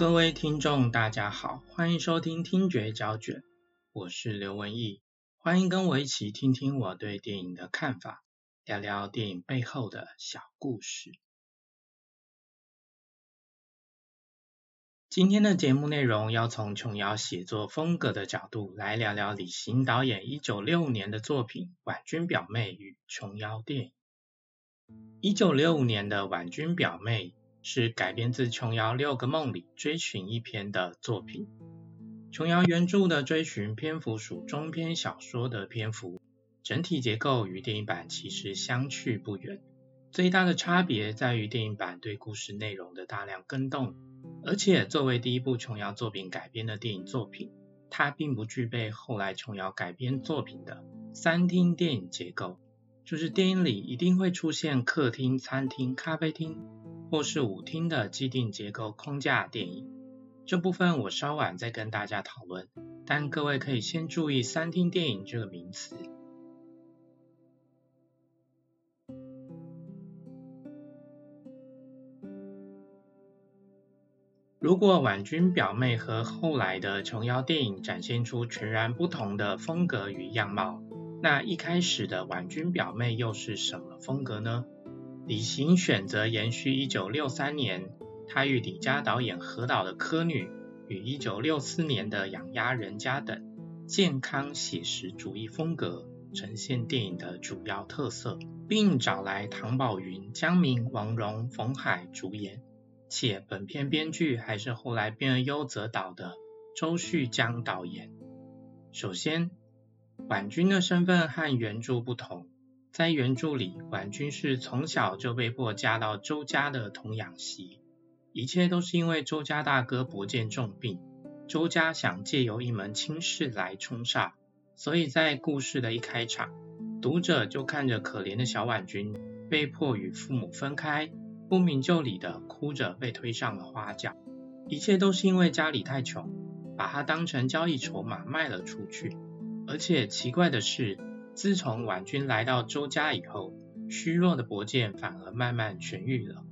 各位聽眾，大家好，歡迎收聽聽覺膠卷，我是劉文藝，歡迎跟我一起聽聽我對電影的看法，聊聊電影背後的小故事。今天的節目內容要從瓊瑤寫作風格的角度來聊聊李行導演一九六五年的作品《婉君表妹》與瓊瑤電影。一九六五年的《婉君表妹》，是改編自瓊瑤《六個夢》裡《追尋》一篇的作品。瓊瑤原著的《追尋》篇幅屬中篇小說的篇幅，整體結構與電影版其實相去不遠。最大的差別在於電影版對故事內容的大量更動，而且作為第一部瓊瑤作品改編的電影作品，它並不具備後來瓊瑤改編作品的三廳電影結構，就是電影裡一定會出現客廳、餐廳、咖啡廳。或是舞廳的既定結構框架電影，這部分我稍晚再跟大家討論，但各位可以先注意“三廳電影”這個名詞。如果婉君表妹和後來的瓊瑤電影展現出全然不同的風格與樣貌，那一開始的婉君表妹又是什麼風格呢？李行選擇延續一九六三年他與李嘉導演合導的《蚵女》，與一九六四年的《養鴨人家》等健康寫實主義風格呈現電影的主要特色，並找來唐寶雲、江明、王蓉、馮海主演，且本片編劇還是後來編而優則導的周旭江導演。首先，婉君的身份和原著不同。在原著裡，婉君是從小就被迫嫁到周家的童養媳，一切都是因為周家大哥伯健重病，周家想借由一門親事來沖煞，所以在故事的一開場，讀者就看着可憐的小婉君，被迫與父母分開，不明就裡的哭着被推上了花轎，一切都是因為家裡太窮，把她當成交易籌碼賣了出去，而且奇怪的是。自從婉君來到周家以後，虛弱的伯健反而慢慢痊癒了。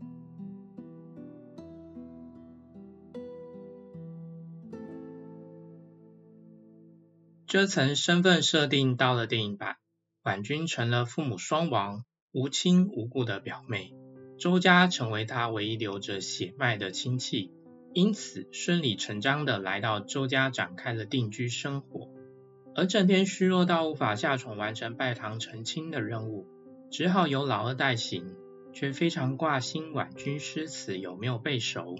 這層身份設定到了電影版，婉君成了父母雙亡、無親無故的表妹，周家成為她唯一留着血脈的親戚，因此順理成章的來到周家，展開了定居生活。而整天虛弱到無法下床完成拜堂成親的任務，只好由老二代行，卻非常掛心婉君詩詞有沒有背熟，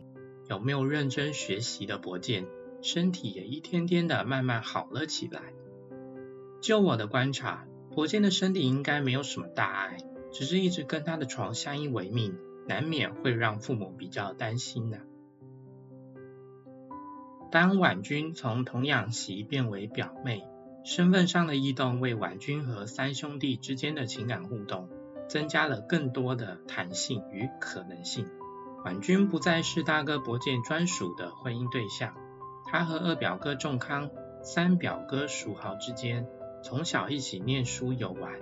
有沒有認真學習的伯健，身體也一天天的慢慢好了起來。就我的觀察，伯健的身體應該沒有什麼大礙，只是一直跟他的床相依為命，難免會讓父母比較擔心的、啊。當婉君從童養媳變為表妹。身份上的異動為婉君和三兄弟之間的情感互動增加了更多的彈性與可能性。婉君不再是大哥伯健專屬的婚姻對象，她和二表哥仲康、三表哥叔豪之間從小一起念書、遊玩，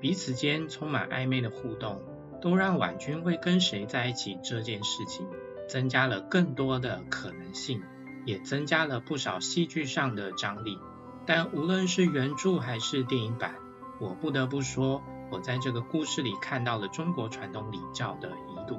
彼此間充滿曖昧的互動，都讓婉君會跟誰在一起這件事情增加了更多的可能性，也增加了不少戲劇上的張力。但無論是原著還是電影版，我不得不說，我在這個故事裡看到了中國傳統禮教的遺毒。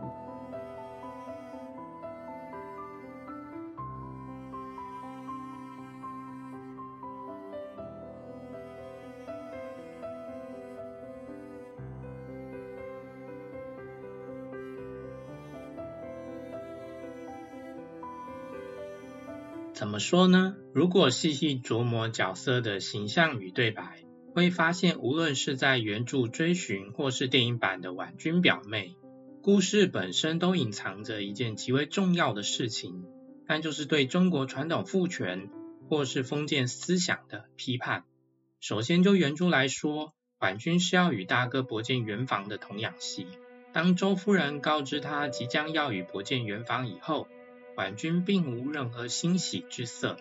怎麼說呢？如果細細琢磨角色的形象與對白，會發現無論是在原著追尋，或是電影版的婉君表妹，故事本身都隱藏着一件極為重要的事情，那就是對中國傳統父權或是封建思想的批判。首先就原著來說，婉君是要與大哥伯健圓房的童養媳。當周夫人告知她即將要與伯健圓房以後，婉君並無任何欣喜之色，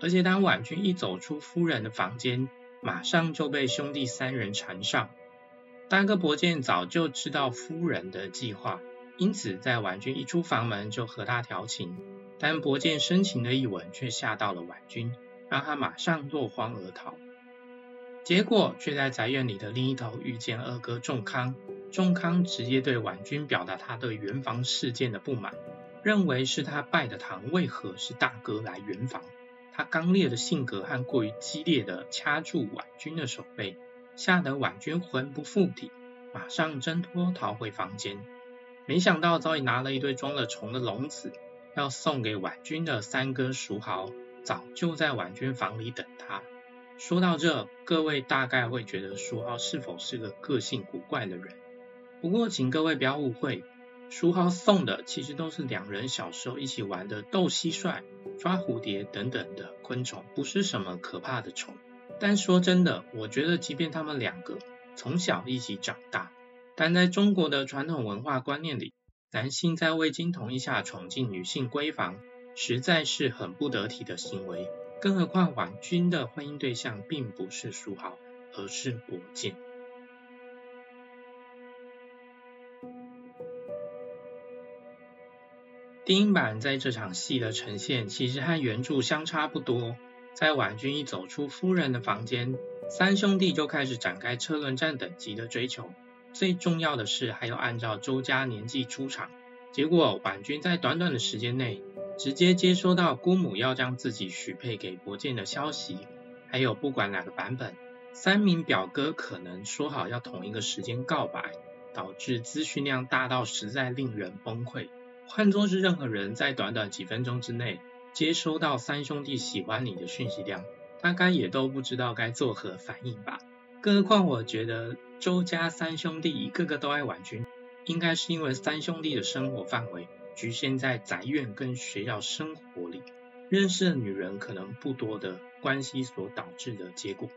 而且當婉君一走出夫人的房間，馬上就被兄弟三人纏上。大哥伯健早就知道夫人的計劃，因此在婉君一出房門就和她調情。但伯健深情的一吻卻嚇到了婉君，讓他馬上落荒而逃。結果卻在宅院裡的另一頭遇見二哥仲康，仲康直接對婉君表達他對圓房事件的不滿。認為是他拜的堂，為何是大哥來圓房？他剛烈的性格和過於激烈的掐住婉君的手背，嚇得婉君魂不附體，馬上掙脫逃回房間。沒想到早已拿了一堆裝了蟲的籠子，要送給婉君的三哥書豪，早就在婉君房裡等他。說到這，各位大概會覺得書豪是否是個個性古怪的人？不過請各位不要誤會。叔豪送的其實都是兩人小時候一起玩的鬥蟋蟀、抓蝴蝶等等的昆蟲，不是什麼可怕的蟲。但說真的，我覺得即便他們兩個從小一起長大，但在中國的傳統文化觀念裡，男性在未經同意下闖進女性閨房，實在是很不得體的行為。更何況婉君的婚姻對象並不是叔豪，而是伯健。電影版在這場戲的呈現其實和原著相差不多。在婉君一走出夫人的房間，三兄弟就開始展開車輪戰等級的追求。最重要的是還要按照周家年紀出場。結果婉君在短短的時間內直接接收到姑母要將自己許配給伯健的消息，還有不管哪個版本，三名表哥可能說好要同一個時間告白，導致資訊量大到實在令人崩潰。換作是任何人，在短短幾分鐘之內接收到三兄弟喜歡你的訊息量，大概也都不知道該作何反應吧。更何況，我覺得周家三兄弟一個個都愛婉君，應該是因為三兄弟的生活範圍侷限在宅院跟學校生活裡，認識的女人可能不多的關係所導致的結果。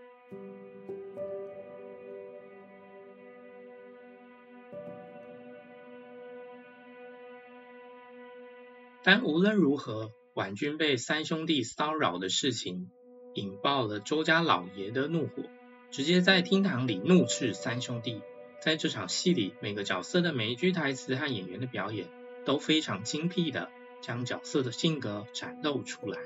但無論如何，婉君被三兄弟騷擾的事情，引爆了周家老爺的怒火，直接在廳堂裡怒斥三兄弟。在這場戲裡，每個角色的每一句台詞和演員的表演，都非常精闢的將角色的性格展露出來。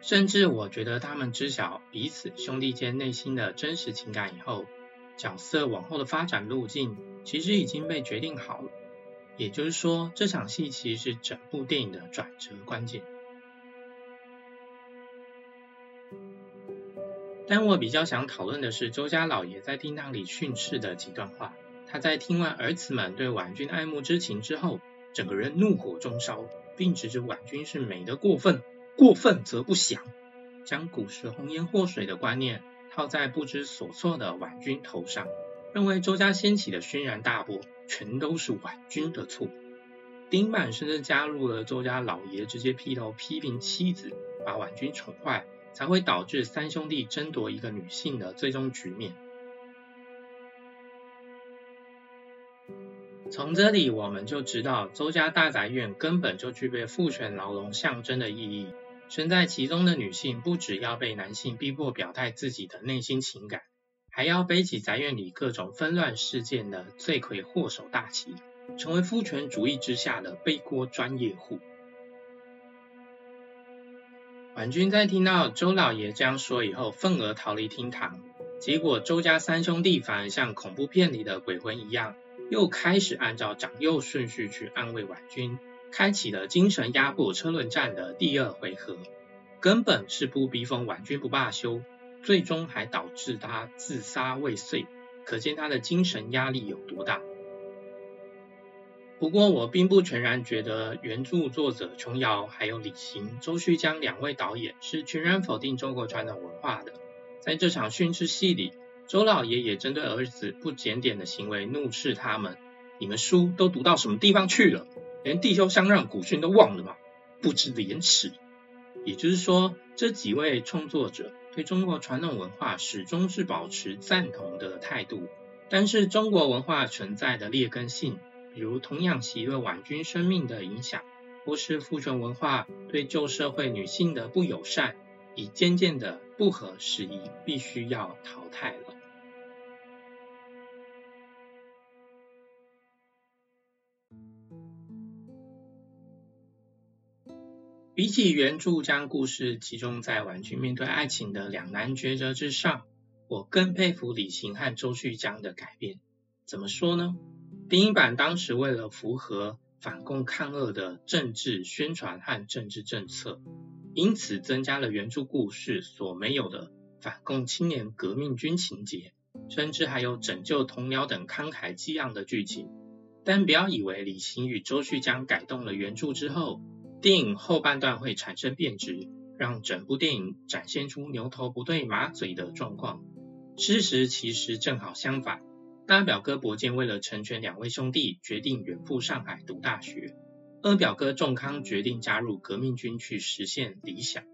甚至我覺得，他們知曉彼此兄弟間內心的真實情感以後，角色往後的發展路徑，其實已經被決定好了。也就是說，這場戲其實是整部電影的轉折關鍵。但我比較想討論的是周家老爺在廳堂裡訓斥的幾段話。他在聽完兒子們對婉君愛慕之情之後，整個人怒火中燒，並指責婉君是美得過分，過分則不祥，將古時紅顏禍水的觀念套在不知所措的婉君頭上，認為周家掀起的軒然大波。全都是婉君的錯。丁滿甚至加入了周家老爺，直接劈頭批評妻子，把婉君寵壞，才會導致三兄弟爭奪一個女性的最終局面。從這裡我們就知道，周家大宅院根本就具備父權牢籠象徵的意義。身在其中的女性，不只要被男性逼迫表態自己的內心情感，還要背起宅院裡各種紛亂事件的罪魁禍首大旗，成為夫權主義之下的背鍋專業戶。婉君在聽到周老爺這樣說以後，憤而逃離廳堂。結果周家三兄弟反而像恐怖片裡的鬼魂一樣，又開始按照長幼順序去安慰婉君，開啟了精神壓迫車輪戰的第二回合，根本是不逼瘋婉君不罷休。最終還導致他自殺未遂，可見他的精神壓力有多大。不過我並不全然覺得原著作者瓊瑤還有李行、周旭江兩位導演是全然否定中國傳統文化的。在這場訓斥戲裡，周老爺也針對兒子不檢點的行為怒斥他們：“你們書都讀到什麼地方去了？連弟兄相讓、古訓都忘了嗎？不知廉恥！”也就是說，這幾位創作者。對中國傳統文化始終是保持贊同的態度，但是中國文化存在的劣根性，比如同樣喜悅婉君生命的影響，或是父權文化對舊社會女性的不友善，已漸漸的不合時宜，必須要淘汰了。比起原著將故事集中在婉君面對愛情的兩難抉擇之上，我更佩服李行和周旭江的改編。怎麼說呢？電影版當時為了符合反共抗俄的政治宣傳和政治政策，因此增加了原著故事所沒有的反共青年革命軍情節，甚至還有拯救同僚等慷慨激昂的劇情。但不要以為李行與周旭江改動了原著之後。電影後半段會產生變質，讓整部電影展現出牛頭不對馬嘴的狀況。事實其實正好相反。大表哥伯健為了成全兩位兄弟，決定遠赴上海讀大學；二表哥仲康決定加入革命軍去實現理想；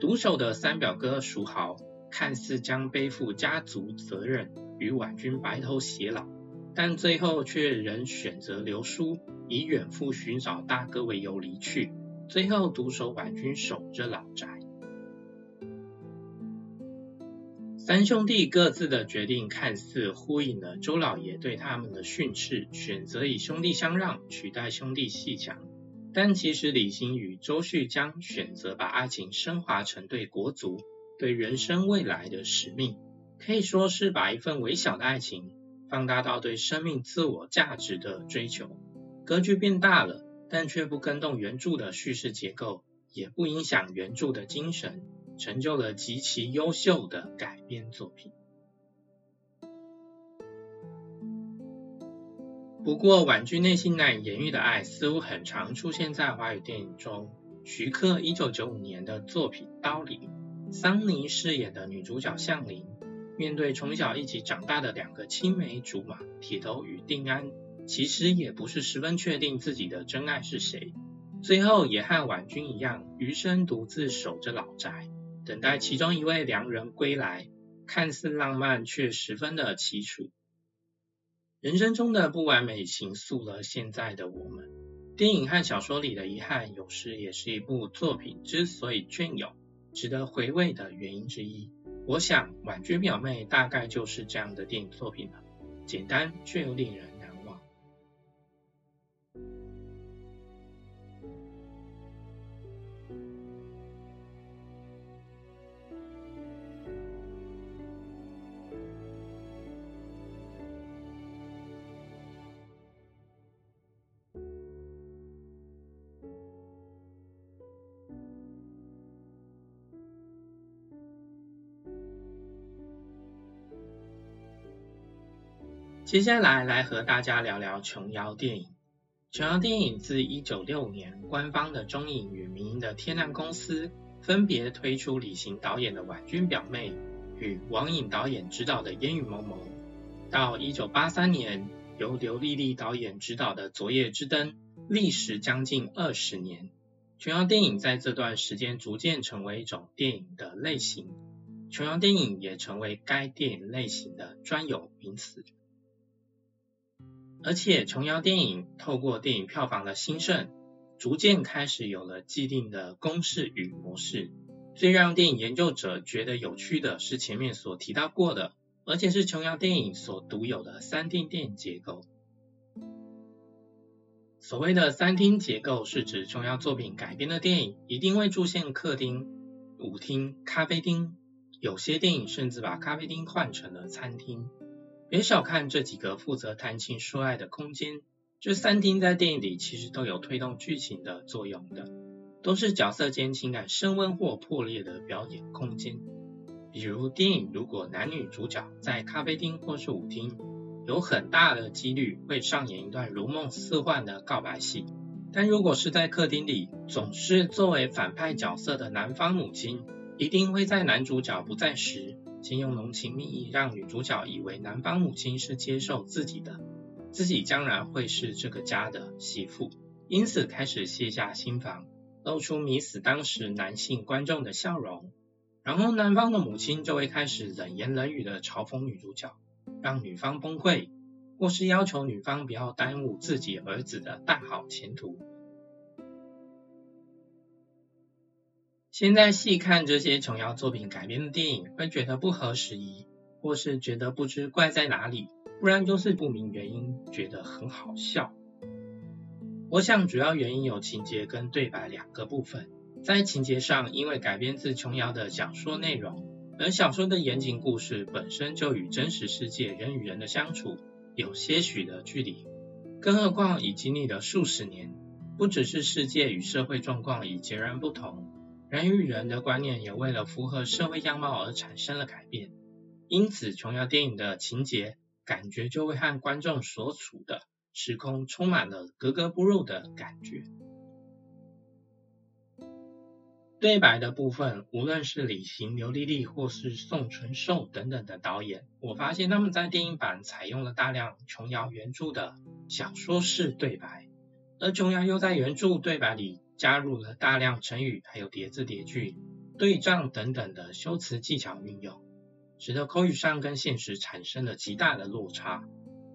獨守的三表哥叔豪看似將背負家族責任與婉君白頭偕老，但最後卻仍選擇留書以遠赴尋找大哥為由離去。最後獨守婉君守着老宅。三兄弟各自的決定看似呼應了周老爺對他們的訓斥，選擇以兄弟相讓取代兄弟鬩牆。但其實李行與周旭江選擇把愛情升華成對國族、對人生未來的使命，可以說是把一份微小的愛情放大到對生命自我價值的追求，格局變大了。但卻不更動原著的敘事結構，也不影響原著的精神，成就了極其優秀的改編作品。不過，婉君內心難以言喻的愛，似乎很常出現在華語電影中。徐克一九九五年的作品《刀》裡，桑尼飾演的女主角向林，面對從小一起長大的兩個青梅竹馬鐵頭與定安。其實也不是十分確定自己的真愛是誰，最後也和婉君一樣，餘生獨自守着老宅，等待其中一位良人歸來。看似浪漫，卻十分的淒楚。人生中的不完美，形塑了現在的我們。電影和小說裡的遺憾，有時也是一部作品之所以雋永、值得回味的原因之一。我想，《婉君表妹》大概就是這樣的電影作品了，簡單卻又令人。接下來來和大家聊聊瓊瑤電影。瓊瑤電影自1965年官方的中影與民營的天亮公司分別推出李行導演的《婉君表妹》與王穎導演執導的《煙雨蒙蒙》，到1983年由劉麗麗導演執導的《昨夜之燈》，歷時將近二十年。瓊瑤電影在這段時間逐漸成為一種電影的類型，瓊瑤電影也成為該電影類型的專有名詞。而且瓊瑤電影透過電影票房的興盛，逐漸開始有了既定的公式與模式。最讓電影研究者覺得有趣的是前面所提到過的，而且是瓊瑤電影所獨有的三廳電影結構。所謂的三廳結構是指瓊瑤作品改編的電影一定會出現客廳、舞廳、咖啡廳，有些電影甚至把咖啡廳換成了餐廳。別小看這幾個負責談情說愛的空間，這三廳在電影裡其實都有推動劇情的作用的，都是角色間情感升溫或破裂的表演空間。比如電影，如果男女主角在咖啡廳或是舞廳，有很大的幾率會上演一段如夢似幻的告白戲；但如果是在客廳裡，總是作為反派角色的男方母親，一定會在男主角不在時，先用濃情蜜意讓女主角以為男方母親是接受自己的，自己將來會是這個家的媳婦，因此開始卸下心防，露出迷死當時男性觀眾的笑容。然後男方的母親就會開始冷言冷語的嘲諷女主角，讓女方崩潰，或是要求女方不要耽誤自己兒子的大好前途。現在細看這些瓊瑤作品改編的電影，會覺得不合時宜，或是覺得不知怪在哪裡，不然就是不明原因覺得很好笑。我想主要原因有情節跟對白兩個部分。在情節上，因為改編自瓊瑤的小說內容，而小說的言情故事本身就與真實世界人與人的相處有些許的距離，更何況已經歷了數十年，不只是世界與社會狀況已截然不同。人與人的觀念也為了符合社會樣貌而產生了改變，因此瓊瑤電影的情節感覺就會和觀眾所處的時空充滿了格格不入的感覺。對白的部分，無論是李行、劉立立或是宋存壽等等的導演，我發現他們在電影版採用了大量瓊瑤原著的小說式對白，而瓊瑤又在原著對白裡。加入了大量成語、還有疊字、疊句、對仗等等的修辭技巧運用，使得口語上跟現實產生了極大的落差。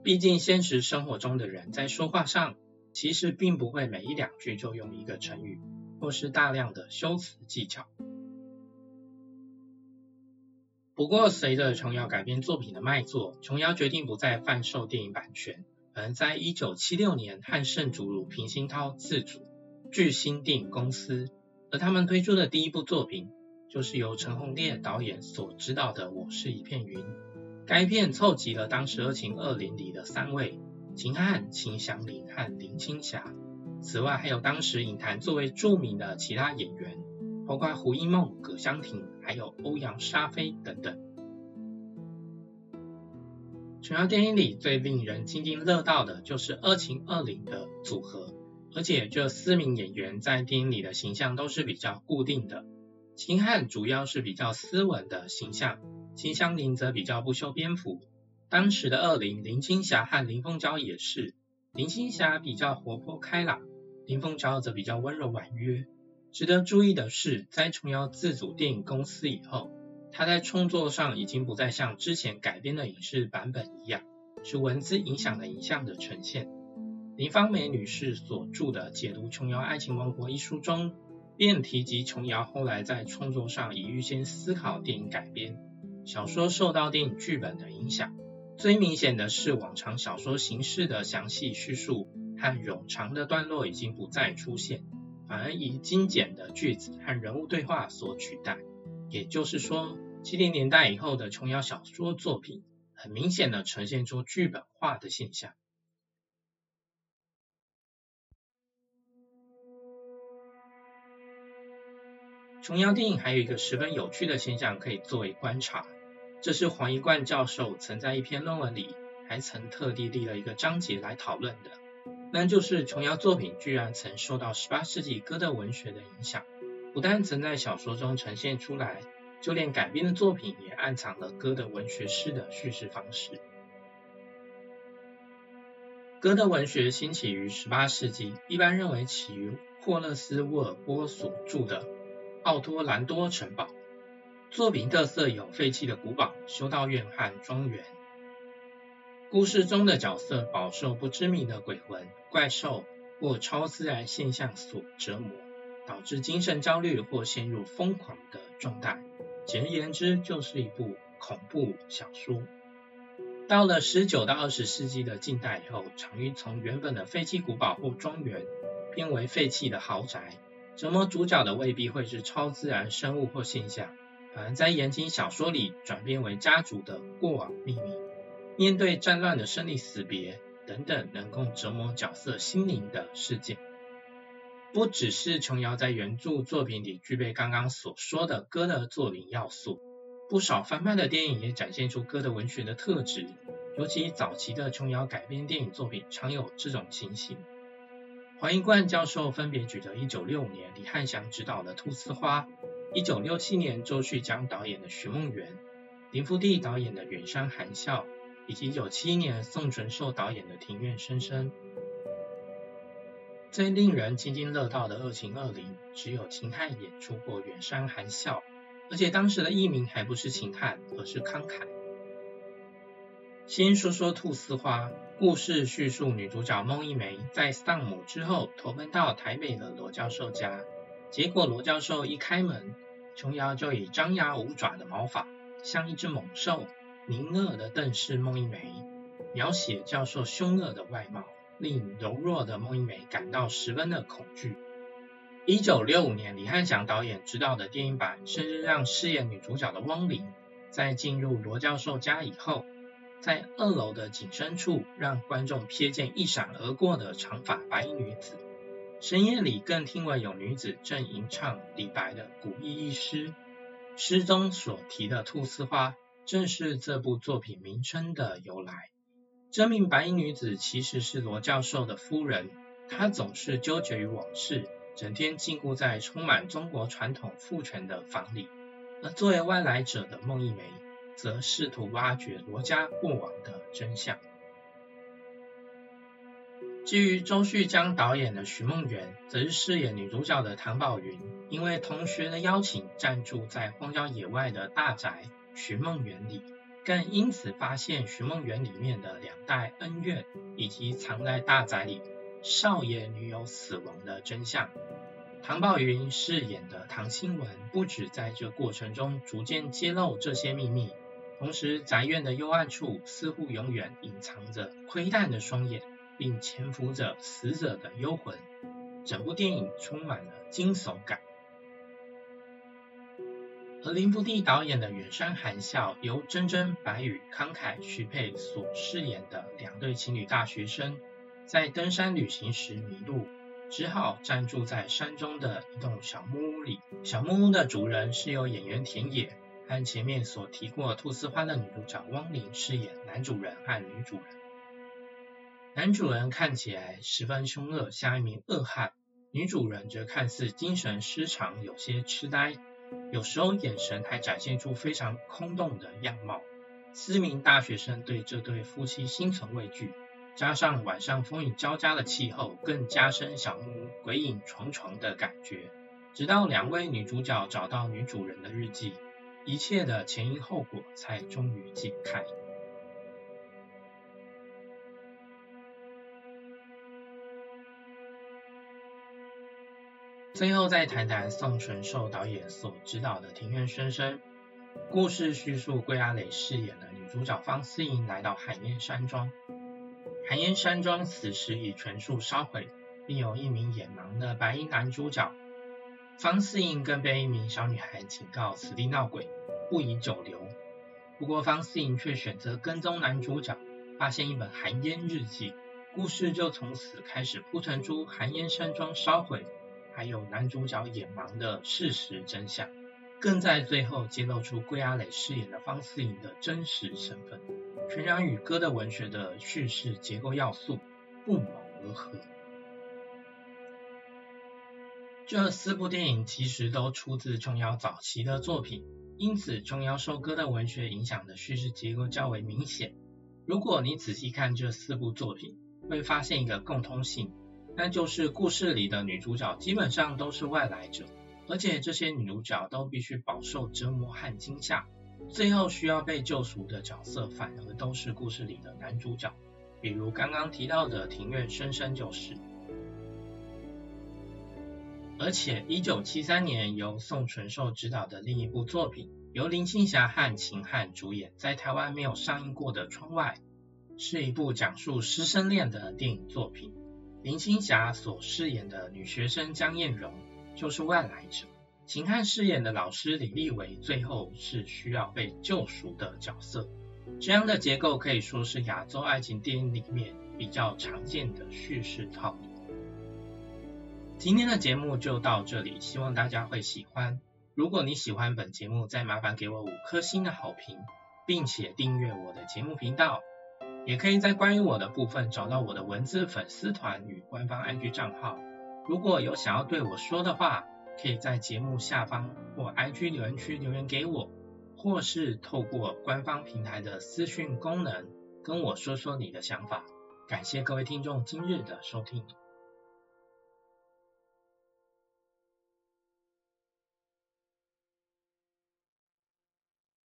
畢竟現實生活中的人在說話上，其實並不會每一兩句就用一個成語，或是大量的修辭技巧。不過隨着瓊瑤改編作品的賣座，瓊瑤決定不再販售電影版權，而在一九七六年和聖主魯平鑫濤自組。巨星電影公司，而他們推出的第一部作品，就是由陳鴻烈導演所執導的《我是一片雲》。該片湊齊了當時二秦二林裡的三位，秦漢、秦祥林和林青霞。此外，還有當時影壇最為著名的其他演員，包括胡因夢、葛香亭，還有歐陽莎菲等等。瓊瑤電影裡最令人津津樂道的就是二秦二林的組合。而且這四名演員在電影裡的形象都是比較固定的。秦漢主要是比較斯文的形象，秦祥林則比較不修邊幅。當時的二林林青霞和林鳳嬌也是，林青霞比較活潑開朗，林鳳嬌則比較溫柔婉約。值得注意的是，在瓊瑤自組電影公司以後，她在創作上已經不再像之前改編的影視版本一樣，是文字影響了影像的呈現。林芳美女士所著的《解讀瓊瑤愛情王國》一書中，便提及瓊瑤後來在創作上已預先思考電影改編，小說受到電影劇本的影響，最明顯的是往常小說形式的詳細敘述和冗長的段落已經不再出現，反而以精簡的句子和人物對話所取代。也就是說，七零年代以後的瓊瑤小說作品，很明顯地呈現出劇本化的現象。瓊瑤電影還有一個十分有趣的現象可以作為觀察，這是黃一冠教授曾在一篇論文裡，還曾特地立了一個章節來討論的，那就是瓊瑤作品居然曾受到十八世紀歌德文學的影響，不但曾在小說中呈現出來，就連改編的作品也暗藏了歌德文學式的敘事方式。歌德文學興起於十八世紀，一般認為起於霍勒斯·沃爾波所著的。奧托蘭多城堡，作品特色有廢棄的古堡、修道院和莊園。故事中的角色飽受不知名的鬼魂、怪獸或超自然現象所折磨，導致精神焦慮或陷入瘋狂的狀態。簡而言之，就是一部恐怖小說。到了十九到二十世紀的近代以後，場域從原本的廢棄古堡或莊園變為廢棄的豪宅。折磨主角的未必會是超自然生物或現象，反而在言情小說裡轉變為家族的過往秘密。面對戰亂的生離死別等等，能夠折磨角色心靈的事件，不只是瓊瑤在原著作品裡具備剛剛所說的歌德作品要素，不少翻拍的電影也展現出歌德文學的特質。尤其早期的瓊瑤改編電影作品，常有這種情形。黃一冠教授分別舉了1965年李翰祥執導的《菟絲花》，1967年周旭江導演的《尋夢園》，林福地導演的《遠山含笑》，以及1971年宋淳壽導演的《庭院深深》。最令人津津樂道的二秦二林，只有秦漢演出過《遠山含笑》，而且當時的藝名還不是秦漢，而是康凱。先說說菟絲花，故事敘述女主角孟一梅在喪母之後投奔到台北的羅教授家，結果羅教授一開門，瓊瑤就以張牙舞爪的毛髮，像一隻猛獸，獰惡的瞪視孟一梅，描寫教授兇惡的外貌，令柔弱的孟一梅感到十分的恐懼。一九六五年李翰祥導演執導的電影版，甚至讓飾演女主角的汪玲在進入羅教授家以後。在二樓的景深處，讓觀眾瞥見一閃而過的長髮白衣女子。深夜裡，更聽聞有女子正吟唱李白的古意一詩，詩中所提的菟絲花，正是這部作品名稱的由來。這名白衣女子其實是羅教授的夫人，她總是糾結於往事，整天禁錮在充滿中國傳統父權的房裡。而作為外來者的孟一梅。則試圖挖掘羅家過往的真相。至於周旭江導演的《尋夢園》，則是飾演女主角的唐寶雲，因為同學的邀請，暫住在荒郊野外的大宅《尋夢園》裡，更因此發現《尋夢園》裡面的兩代恩怨，以及藏在大宅裡少爺女友死亡的真相。唐寶雲飾演的唐青文，不止，在這過程中逐漸揭露這些秘密，同時宅院的幽暗處似乎永遠隱藏着窺探的雙眼，並潛伏着死者的幽魂。整部電影充滿了驚悚感。和林福地導演的《遠山含笑》，由真真、白羽、康凱、徐佩所飾演的兩對情侶大學生，在登山旅行時迷路。只好暫住在山中的一棟小木屋裡。小木屋的主人是由演員田野和前面所提過菟絲花的女主角汪玲飾演男主人和女主人。男主人看起來十分兇惡，像一名惡漢；女主人則看似精神失常，有些痴呆，有時候眼神還展現出非常空洞的樣貌。四名大學生對這對夫妻心存畏懼。加上晚上風雨交加的氣候，更加深小木屋鬼影重重的感覺。直到兩位女主角找到女主人的日記，一切的前因後果才終於解開。最後再談談宋存壽導演所指導的《庭院深深》。故事敘述歸亞蕾飾演的女主角方絲縈來到海面山莊。寒煙山莊此時已全數燒毀，並有一名眼盲的白衣男主角方思穎，更被一名小女孩警告此地鬧鬼，不宜久留。不過方思穎卻選擇跟蹤男主角，發現一本寒煙日記，故事就從此開始鋪陳出寒煙山莊燒毀，還有男主角眼盲的事實真相，更在最後揭露出歸亞蕾飾演的方思穎的真實身份。瓊瑤與歌德文學的敘事結構要素不謀而合。這四部電影其實都出自瓊瑤早期的作品，因此瓊瑤受歌德文學影響的敘事結構較為明顯。如果你仔細看這四部作品，會發現一個共通性，那就是故事裡的女主角基本上都是外來者，而且這些女主角都必須飽受折磨和驚嚇。最後需要被救贖的角色，反而都是故事裡的男主角，比如剛剛提到的《庭院深深》就是。而且，一九七三年由宋存壽執導的另一部作品，由林青霞和秦漢主演，在台灣沒有上映過的《窗外》，是一部講述師生戀的電影作品。林青霞所飾演的女學生江雁容，就是外來者。秦漢飾演的老師李立偉，最後是需要被救贖的角色。這樣的結構可以說是亞洲愛情電影裡面比較常見的敘事套路。今天的節目就到這裡，希望大家會喜歡。如果你喜歡本節目，再麻煩給我五顆星的好評，並且訂閱我的節目頻道。也可以在關於我的部分找到我的文字粉絲團與官方 IG 賬號。如果有想要對我說的話。可以在節目下方或 IG 留言區留言給我，或是透過官方平台的私訊功能跟我說說你的想法。感謝各位聽眾今日的收聽。